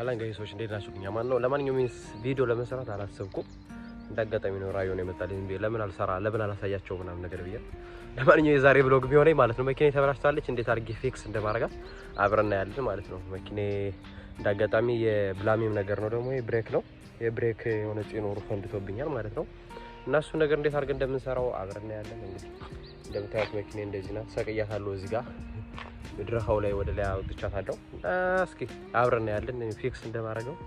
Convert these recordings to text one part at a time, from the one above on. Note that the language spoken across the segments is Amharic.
አላን ገይ ሰዎች እንዴት ናችሁ? ማን ነው? ለማንኛውም ቪዲዮ ለመስራት አላሰብኩም። እንዳጋጣሚ ነው ራዮ ነው የመጣልኝ። ለምን አልሰራ ለምን አላሳያቸው ምናምን ነገር ብዬ ለማንኛውም የዛሬ ብሎግ ቢሆነኝ ማለት ነው። መኪና ተበላሽታለች። እንዴት አድርጌ ፊክስ እንደማረጋት አብረና እናያለን ማለት ነው። መኪናዬ እንዳጋጣሚ የብላሚም ነገር ነው ደግሞ የብሬክ ነው የብሬክ የሆነ ኖሩ ፈንድቶብኛል ማለት ነው። እና እሱ ነገር እንዴት አድርገን እንደምንሰራው አብረና እናያለን። እንግዲህ እንደምታዩት መኪናዬ እንደዚህ ናት። ሰቅያታለሁ እዚህ ጋር ድረሃው ላይ ወደ ላይ አውጥቻታለሁ። እስኪ አብረን ያለን ፊክስ እንደማደርገው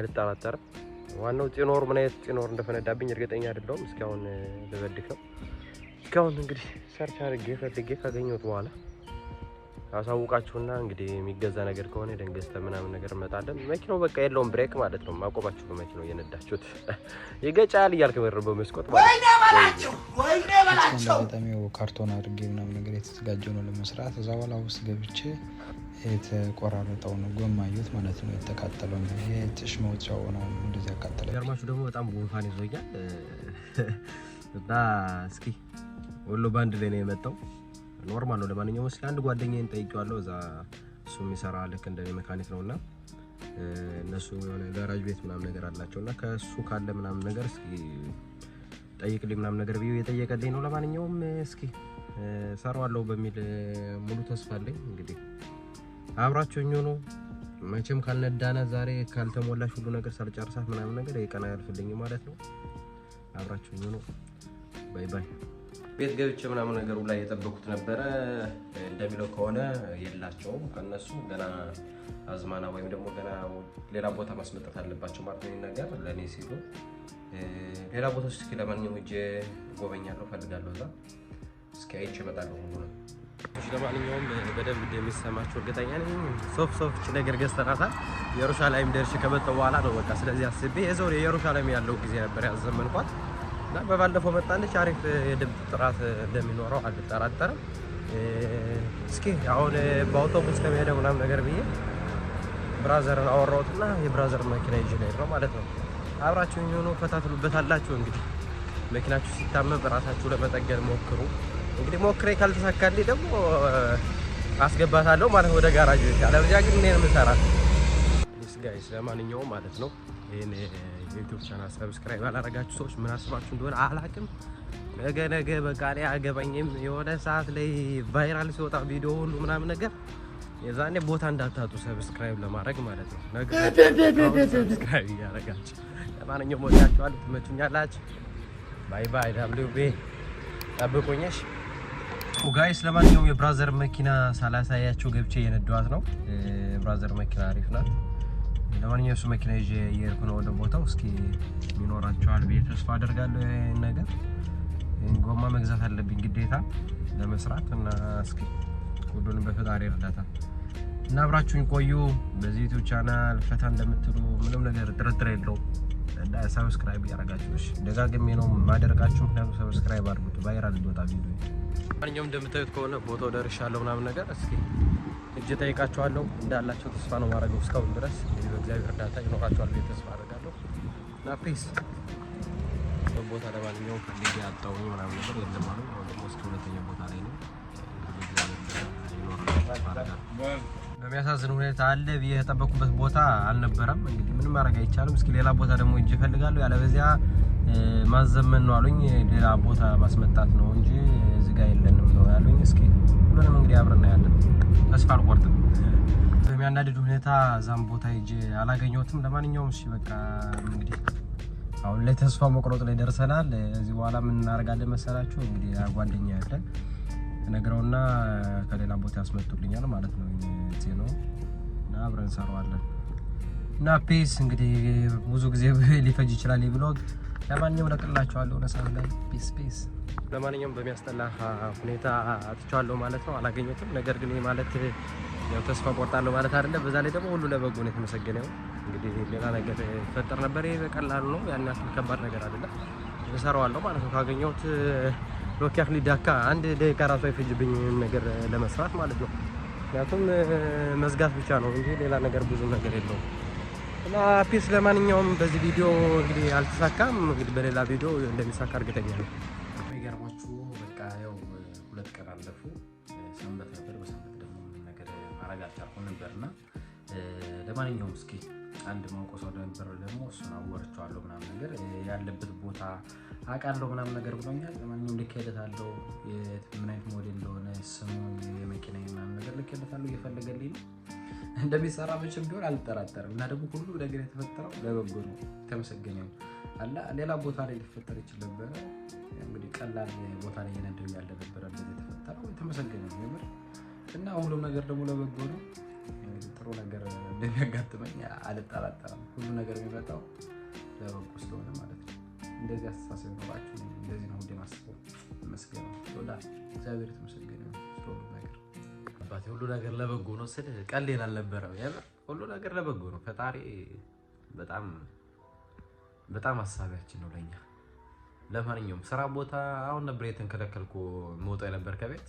አልጠራጠርም። ዋናው ጤኖር ምን አይነት ጤኖር እንደፈነዳብኝ እርግጠኛ አይደለሁም። እስኪሁን ልበድክ ነው እስካሁን እንግዲህ ሰርች አድርጌ ፈልጌ ካገኘሁት በኋላ አሳውቃችሁና እንግዲህ የሚገዛ ነገር ከሆነ ደንገስተ ምናምን ነገር እመጣለን። መኪናው በቃ የለውም ብሬክ ማለት ነው። ማቆባችሁ በመኪናው እየነዳችሁት ይገጫል እያልክ በር በመስኮት ማለትነውጣሚው ካርቶን አድርጌ ምናምን ነገር የተዘጋጀው ነው ለመስራት። እዛ በኋላ ውስጥ ገብቼ የተቆራረጠው ነው ጎማዩት ማለት ነው የተቃጠለው ነው የጭሽ መውጫው ነው እንደዚህ ያቃጠለ። ገርማችሁ ደግሞ በጣም ጉንፋን ይዞኛል እና እስኪ ወሎ ባንድ ላይ ነው የመጣው። ኖርማል ነው። ለማንኛውም እስኪ አንድ ጓደኛዬን ጠይቄዋለሁ። እዛ እሱ የሚሰራ ልክ እንደኔ መካኒክ ነው እና እነሱ የሆነ ጋራጅ ቤት ምናምን ነገር አላቸው እና ከእሱ ካለ ምናምን ነገር እስኪ ጠይቅልኝ ምናምን ነገር ብዬ የጠየቀልኝ ነው። ለማንኛውም እስኪ ሰራዋለሁ በሚል ሙሉ ተስፋ አለኝ። እንግዲህ አብራችሁኝ ሆኖ መቼም ካልነዳነ ዛሬ ካልተሞላሽ ሁሉ ነገር ሳልጨርሳት ምናምን ነገር የቀና ያልፍልኝ ማለት ነው። አብራችሁኝ ሆኖ ባይ ባይ። ቤት ገብቼ ምናምን ነገሩ ላይ የጠበኩት ነበረ። እንደሚለው ከሆነ የላቸውም። ከነሱ ገና አዝማና ወይም ደግሞ ገና ሌላ ቦታ ማስመጣት አለባቸው ማለት ነው። ነገር ለእኔ ሲሉ ሌላ ቦታ ውስጥ ለማንኛውም ሂጄ ጎበኛለሁ፣ ፈልጋለሁ እዛ እስኪ አይቼ እመጣለሁ ሁሉ ነው። ለማንኛውም በደንብ እንደሚሰማቸው እርግጠኛ ነኝ። ሶፍ ሶፍች ነገር ገዝተናታል። የሩሻላይም ደርሼ ከመጣሁ በኋላ ነው በቃ። ስለዚህ አስቤ የዞር ኢየሩሳሌም ያለው ጊዜ ነበር ያዘመንኳት እና በባለፈው መጣለች። አሪፍ የድምፅ ጥራት እንደሚኖረው አልጠራጠርም። እስኪ አሁን በአውቶቡስ ከመሄደ ምናምን ነገር ብዬ ብራዘርን አወራሁትና የብራዘር መኪና ይዤ ነው የሄድነው ማለት ነው። አብራችሁ የሆኑ ፈታትሉበታላችሁ። እንግዲህ መኪናችሁ ሲታመም ራሳችሁ ለመጠገን ሞክሩ። እንግዲህ ሞክሬ ካልተሳካልኝ ደግሞ አስገባታለሁ ማለት ወደ ጋራጅ። አለበለዚያ ግን እኔን ምሰራ ስ ጋይስ ለማንኛውም ማለት ነው ይህን ዩቲዩብ ቻናል ሰብስክራይብ ያላረጋችሁ ሰዎች ምን አስባችሁ እንደሆነ አላቅም። ነገ ነገ በቃ ላይ አገባኝም የሆነ ሰዓት ላይ ቫይራል ሲወጣ ቪዲዮ ሁሉ ምናምን ነገር የዛኔ ቦታ እንዳታጡ ሰብስክራይብ ለማድረግ ማለት ነው። ነገ ሰብስክራይብ እያረጋችሁ ለማንኛውም ወዳችኋል፣ ትመቹኛላችሁ። ባይ ባይ። ዳብሊው ቤ ጠብቁኝሽ ጋይስ። ለማንኛውም የብራዘር መኪና ሳላሳያችሁ ገብቼ እየነዳኋት ነው። ብራዘር መኪና አሪፍ ናት። ለማንኛውም እሱ መኪና ይዤ እየሄድኩ ነው ወደ ቦታው። እስኪ ይኖራቸዋል ብዬ ተስፋ አደርጋለሁ። ይሄን ነገር ጎማ መግዛት አለብኝ ግዴታ ለመስራት እና እስኪ ሁሉንም በፈጣሪ እርዳታ እና አብራችሁኝ ቆዩ። በዚህ ዩቲዩብ ቻናል ፈታ እንደምትሉ ምንም ነገር ጥርጥር የለውም። ሰብስክራይብ እያደረጋችሁ እሺ፣ ደጋግሜ ነው ማደርጋችሁ። ምክንያቱም ሰብስክራይብ አድርጉት ቫይራል እንዲወጣ ቪዲዮ። ማንኛውም እንደምታዩት ከሆነ ቦታው ደርሻለሁ ምናምን ነገር እስኪ እጅ ጠይቃችኋለሁ እንዳላቸው ተስፋ ነው ማድረገው እስካሁን ድረስ እግዚአብሔር እርዳታ ይኖራቸዋል ተስፋ አደርጋለሁ እና ፕሊስ ቦታ ለማንኛውም ፈልጌ አጣሁኝ ምናምን ነበር የለም አሉ። አሁን ደግሞ እስከ ሁለተኛ ቦታ ላይ ነው። በሚያሳዝን ሁኔታ አለ ብዬ የጠበቁበት ቦታ አልነበረም። እንግዲህ ምንም ማድረግ አይቻልም። እስኪ ሌላ ቦታ ደግሞ እጅ እፈልጋለሁ። ያለበዚያ ማዘመን ነው አሉኝ። ሌላ ቦታ ማስመጣት ነው እንጂ እዚህ ጋር የለንም ነው ያሉኝ። እስኪ ሁሉንም እንግዲህ አብረን እናያለን። ተስፋ አልቆርጥም። በሚያናድድ ሁኔታ እዛም ቦታ ሄጄ አላገኘሁትም። ለማንኛውም እሺ በቃ እንግዲህ አሁን ላይ ተስፋ መቁረጥ ላይ ደርሰናል። እዚህ በኋላ ምን እናደርጋለን መሰላችሁ? እንግዲህ ጓደኛ ያለን ነግረውና ከሌላ ቦታ ያስመጡልኛል ማለት ነው። እዚህ ነው እና አብረን እንሰራዋለን እና ፔስ እንግዲህ ብዙ ጊዜ ሊፈጅ ይችላል ብሎግ። ለማንኛውም ለቅላቸዋለሁ ሆነ ሰዓት ላይ ፔስ ፔስ። ለማንኛውም በሚያስጠላ ሁኔታ አጥቻለሁ ማለት ነው፣ አላገኘትም ነገር ግን ማለት ያው ተስፋ ቆርጣለሁ ማለት አይደለም። በዛ ላይ ደግሞ ሁሉ ለበጎ ነው የተመሰገነው። እንግዲህ ሌላ ነገር ፈጠር ነበር። ይሄ በቀላሉ ነው፣ ያን ያክል ከባድ ነገር አይደለም። እሰራዋለሁ ማለት ነው ካገኘሁት ሎኪያክ ሊዳካ አንድ ደቂቃ ራሱ አይፈጅብኝ ነገር ለመስራት ማለት ነው። ምክንያቱም መዝጋት ብቻ ነው እንጂ ሌላ ነገር ብዙ ነገር የለውም። እና ፒስ ለማንኛውም በዚህ ቪዲዮ እንግዲህ አልተሳካም። እንግዲህ በሌላ ቪዲዮ እንደሚሳካ እርግጠኛ ነው። የሚገርማችሁ በቃ ያው ሁለት ቀን አለፉ ሰንበት ነበር ማድረግ አልቻልኩም ነበርና ለማንኛውም እስኪ አንድ ማውቀ ሰው ነበር ደግሞ እሱን አወርቸዋለሁ ምናም ነገር ያለበት ቦታ አውቃለሁ ምናም ነገር ብሎኛል። ለማንኛውም ልኬለታለሁ ምን አይነት ሞዴል እንደሆነ ስሙ የመኪና ምናም ነገር ልኬለታለሁ። እየፈለገልኝ ነው እንደሚሰራ መቼም ቢሆን አልጠራጠርም። እና ደግሞ ሁሉ ነገር የተፈጠረው ለበጎ ነው። ተመሰገኘ አላ ሌላ ቦታ ላይ ሊፈጠር ይችል ነበረ። እንግዲህ ቀላል ቦታ ላይ የነደው ያለ ነበረ የተፈጠረው የተመሰገኘ ነው። እና ሁሉም ነገር ደግሞ ለበጎ ነው። ጥሩ ነገር እንደሚያጋጥመኝ አልጠራጠርም። ሁሉ ነገር የሚመጣው ለበጎ ስለሆነ ማለት ነው። እንደዚህ አስተሳሰብ ኖራችሁ እንደዚህ ነው ሁሌ ማስበው። መስገን ላ እግዚአብሔር ተመሰገነ ስለሁሉ ነገር አባቴ። ሁሉ ነገር ለበጎ ነው ስል ቀሌን አልነበረም። የምር ሁሉ ነገር ለበጎ ነው። ፈጣሪ በጣም በጣም አሳቢያችን ነው ለኛ። ለማንኛውም ስራ ቦታ አሁን ነበር የተንከለከልኩ መውጣ የነበር ከቤት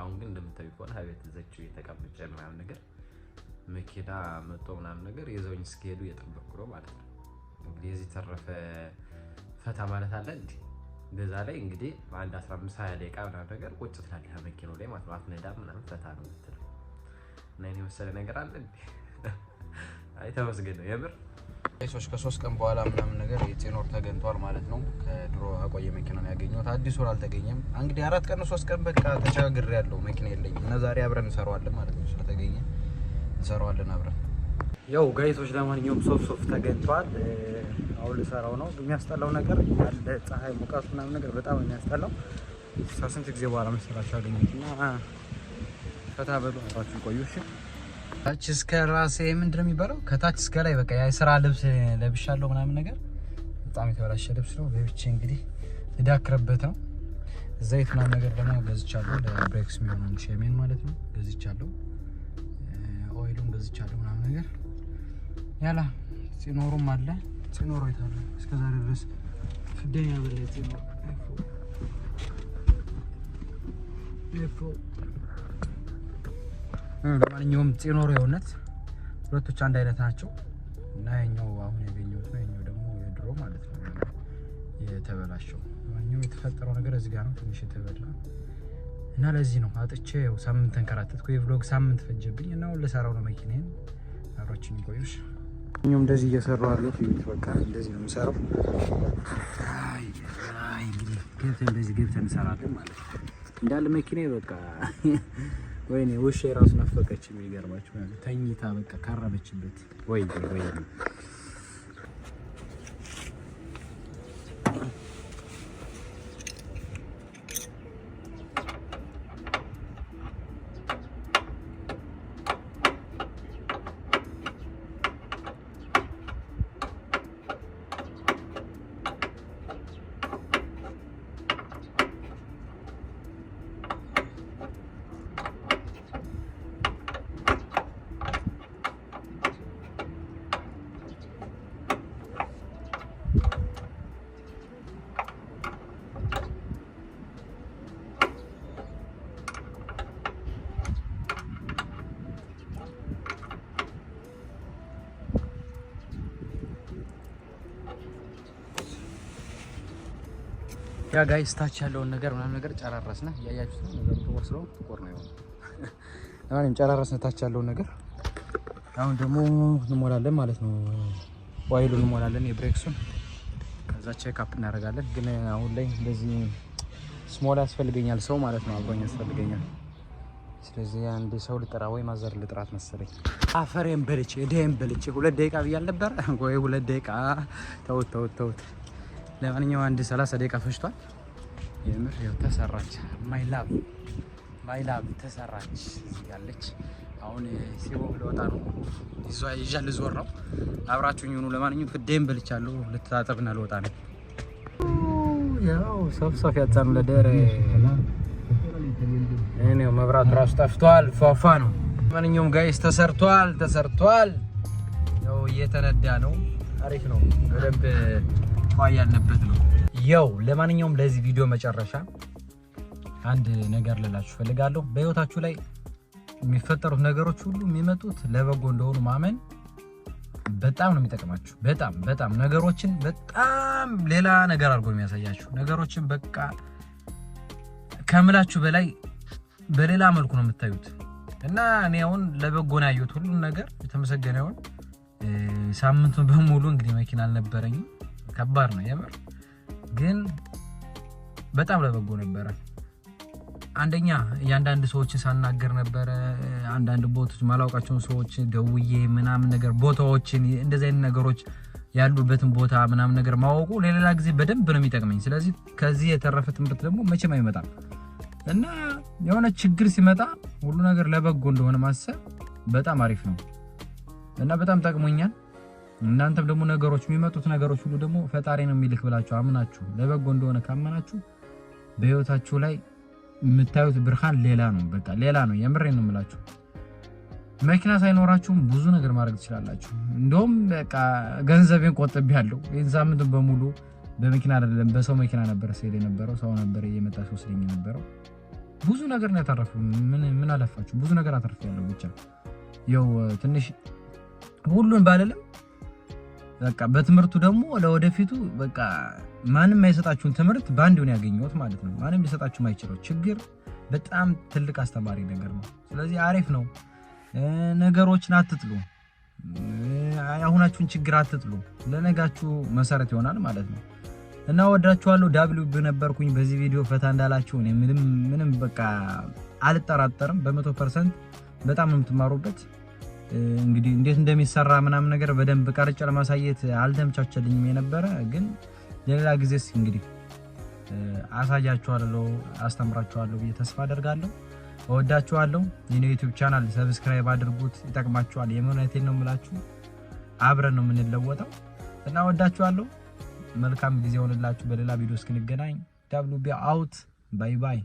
አሁን ግን እንደምታዩ ከሆነ አቤት ዘችው የተቀምጨ ምናምን ነገር መኪና መጥቶ ምናምን ነገር የዘውኝ እስከሄዱ እየጠበቅኩ ነው ማለት ነው። እንግዲህ የዚህ ተረፈ ፈታ ማለት አለ እንዲ በዛ ላይ እንግዲህ አንድ 15 20 ደቂቃ ምናምን ነገር ቁጭ ትላለህ መኪናው ላይ ማለት ነው። አትነዳም ምናምን ፈታ ነው ምትለው እና የመሰለ ነገር አለ እንዲ። አይ ተመስገን ነው የምር ሰዎች ከሶስት ቀን በኋላ ምናምን ነገር የቴኖር ተገኝቷል ማለት ነው። ከድሮ አቆየ መኪና ነው ያገኘሁት። አዲስ ወር አልተገኘም። እንግዲህ አራት ቀን ሶስት ቀን በቃ ተቸጋግሬ ያለው መኪና የለኝም እና ዛሬ አብረን እንሰራዋለን ማለት ነው። ስለተገኘ እንሰራዋለን አብረን። ያው ጋይሶች፣ ለማንኛውም ሶፍ ሶፍ ተገኝቷል። አሁን ልሰራው ነው። የሚያስጠላው ነገር ያለ ፀሐይ ሙቀቱ ምናምን ነገር በጣም የሚያስጠላው ስንት ጊዜ በኋላ መሰራቸው አገኘሁት እና ፈታ በሉ ቆዩ እሺ ታች እስከ ራሴ ምንድን ነው የሚባለው? ከታች እስከ ላይ በቃ የስራ ልብስ ለብሻለሁ ምናምን ነገር በጣም የተበላሸ ልብስ ነው። በብቼ እንግዲህ እዳክረበት ነው። ዘይት ምናምን ነገር ደግሞ ገዝቻለሁ፣ ለብሬክስ የሚሆነውን ሸሜን ማለት ነው ገዝቻለሁ፣ ኦይሉን ገዝቻለሁ ምናምን ነገር ያላ ፂኖሩም አለ። ፂኖሩ ይታለ እስከዛሬ ድረስ ፍደኛ በላይ ፂኖር ለማንኛውም ጤኖሮ የሆነት ሁለቶች አንድ አይነት ናቸው እና ያኛው አሁን ያገኘሁት ነው። ያኛው ደግሞ የድሮ ማለት ነው የተበላሸው። ያኛው የተፈጠረው ነገር እዚህ ጋር ነው ትንሽ የተበላ እና ለዚህ ነው አጥቼ ያው ሳምንት ተንከራተትኩ። የቭሎግ ሳምንት ፈጀብኝ እና ሁሉ ለሰራው ነው መኪናዬን። አብራችሁኝ ቆዩሽ። እኛም እንደዚህ እየሰሩ አሉት። ይሁት በቃ እንደዚህ ነው የምሰራው። አይ አይ ገብተን እንደዚህ ገብተን እንሰራለን ማለት ነው። እንዳለ መኪናዬ በቃ ወይኔ ውሻ የራሱ ናፈቀች። የሚገርማችሁ ተኝታ በቃ ካረበችበት። ወይ ወይ ያ ጋይስ ታች ያለውን ነገር ምናምን ነገር ጨራረስነ። እያያችሁት ነው። ነገሩ ጥቁር ስለሆነ ጥቁር ነው የሆነ ለማንም ጨራረስነ። ታች ያለውን ነገር አሁን ደግሞ እንሞላለን ማለት ነው። ዋይሉ እንሞላለን፣ የብሬክሱን ከዛ ቼክ አፕ እናደርጋለን። ግን አሁን ላይ እንደዚህ ስሞል ያስፈልገኛል፣ ሰው ማለት ነው አብሮኝ ያስፈልገኛል። ስለዚህ አንድ ሰው ልጥራ ወይ ማዘር ልጥራት መሰለኝ። አፈሬን በልቼ እድሄን በልቼ ሁለት ደቂቃ ብያል ነበር ወይ ሁለት ደቂቃ ተውት፣ ተውት፣ ተውት ለማንኛውም አንድ 30 ደቂቃ ፈጅቷል። የምር ያው ተሰራች። ማይ ላቭ ማይ ላቭ ተሰራች ያለች። አሁን ሲቦ ለወጣ ነው ይዟ ይዣ ልዞር ነው። አብራችሁኝ ሁኑ። ለማንኛውም ፍዴን በልቻለሁ። ልታጠብና ልወጣ ነው። ያው ሰፍሰፍ ያጣን ለደረ እኔው መብራት ራሱ ጠፍቷል። ፏፏ ነው። ማንኛውም ጋይስ ተሰርቷል፣ ተሰርቷል። ያው እየተነዳ ነው። አሪፍ ነው በደንብ ያለበት ነው። ያው ለማንኛውም ለዚህ ቪዲዮ መጨረሻ አንድ ነገር ልላችሁ ፈልጋለሁ። በህይወታችሁ ላይ የሚፈጠሩት ነገሮች ሁሉ የሚመጡት ለበጎ እንደሆኑ ማመን በጣም ነው የሚጠቅማችሁ። በጣም በጣም ነገሮችን በጣም ሌላ ነገር አድርጎ የሚያሳያችሁ ነገሮችን በቃ ከምላችሁ በላይ በሌላ መልኩ ነው የምታዩት። እና እኔ አሁን ለበጎን ያየሁት ሁሉን ነገር የተመሰገነ ይሁን። ሳምንቱን በሙሉ እንግዲህ መኪና አልነበረኝም። ከባድ ነው የምር ግን በጣም ለበጎ ነበረ። አንደኛ እያንዳንድ ሰዎችን ሳናገር ነበረ። አንዳንድ ቦታዎች ማላውቃቸውን ሰዎች ደውዬ ምናምን ነገር ቦታዎችን እንደዚህ አይነት ነገሮች ያሉበትን ቦታ ምናምን ነገር ማወቁ ለሌላ ጊዜ በደንብ ነው የሚጠቅመኝ። ስለዚህ ከዚህ የተረፈ ትምህርት ደግሞ መቼም አይመጣም እና የሆነ ችግር ሲመጣ ሁሉ ነገር ለበጎ እንደሆነ ማሰብ በጣም አሪፍ ነው እና በጣም ጠቅሞኛል። እናንተም ደግሞ ነገሮች የሚመጡት ነገሮች ሁሉ ደግሞ ፈጣሪ ነው የሚልክ ብላችሁ አምናችሁ ለበጎ እንደሆነ ካመናችሁ በህይወታችሁ ላይ የምታዩት ብርሃን ሌላ ነው። በቃ ሌላ ነው። የምሬ ነው የምላችሁ። መኪና ሳይኖራችሁም ብዙ ነገር ማድረግ ትችላላችሁ። እንደውም በቃ ገንዘቤን ቆጥቤያለሁ። ሳምንቱን በሙሉ በመኪና አይደለም በሰው መኪና ነበር ስሄድ የነበረው። ሰው ነበር እየመጣ ሲወስደኝ የነበረው። ብዙ ነገር ነው ያተረፉ። ምን አለፋችሁ ብዙ ነገር አተርፍ ያለው ብቻ ያው ትንሽ ሁሉን ባልልም በቃ በትምህርቱ ደግሞ ለወደፊቱ በቃ ማንም አይሰጣችሁን ትምህርት በአንድ ሆን ያገኘሁት ማለት ነው። ማንም ሊሰጣችሁ ማይችለው ችግር በጣም ትልቅ አስተማሪ ነገር ነው። ስለዚህ አሪፍ ነው። ነገሮችን አትጥሉ፣ አሁናችሁን ችግር አትጥሉ። ለነጋችሁ መሰረት ይሆናል ማለት ነው እና ወዳችኋለሁ። ዳብሊው ነበርኩኝ በዚህ ቪዲዮ ፈታ እንዳላችሁ ምንም ምንም በቃ አልጠራጠርም። በመቶ ፐርሰንት በጣም ነው የምትማሩበት። እንግዲህ እንዴት እንደሚሰራ ምናምን ነገር በደንብ ቀርጬ ለማሳየት አልተመቻቸልኝም የነበረ ግን ለሌላ ጊዜስ እንግዲህ አሳያችኋለሁ፣ አስተምራችኋለሁ ብዬ ተስፋ አደርጋለሁ። እወዳችኋለሁ። ይህን ዩቲዩብ ቻናል ሰብስክራይብ አድርጉት፣ ይጠቅማችኋል። የመሆነቴን ነው የምላችሁ። አብረን ነው የምንለወጠው እና እወዳችኋለሁ። መልካም ጊዜ ሆንላችሁ። በሌላ ቪዲዮ እስክንገናኝ ዳብሉቢ አውት። ባይ ባይ።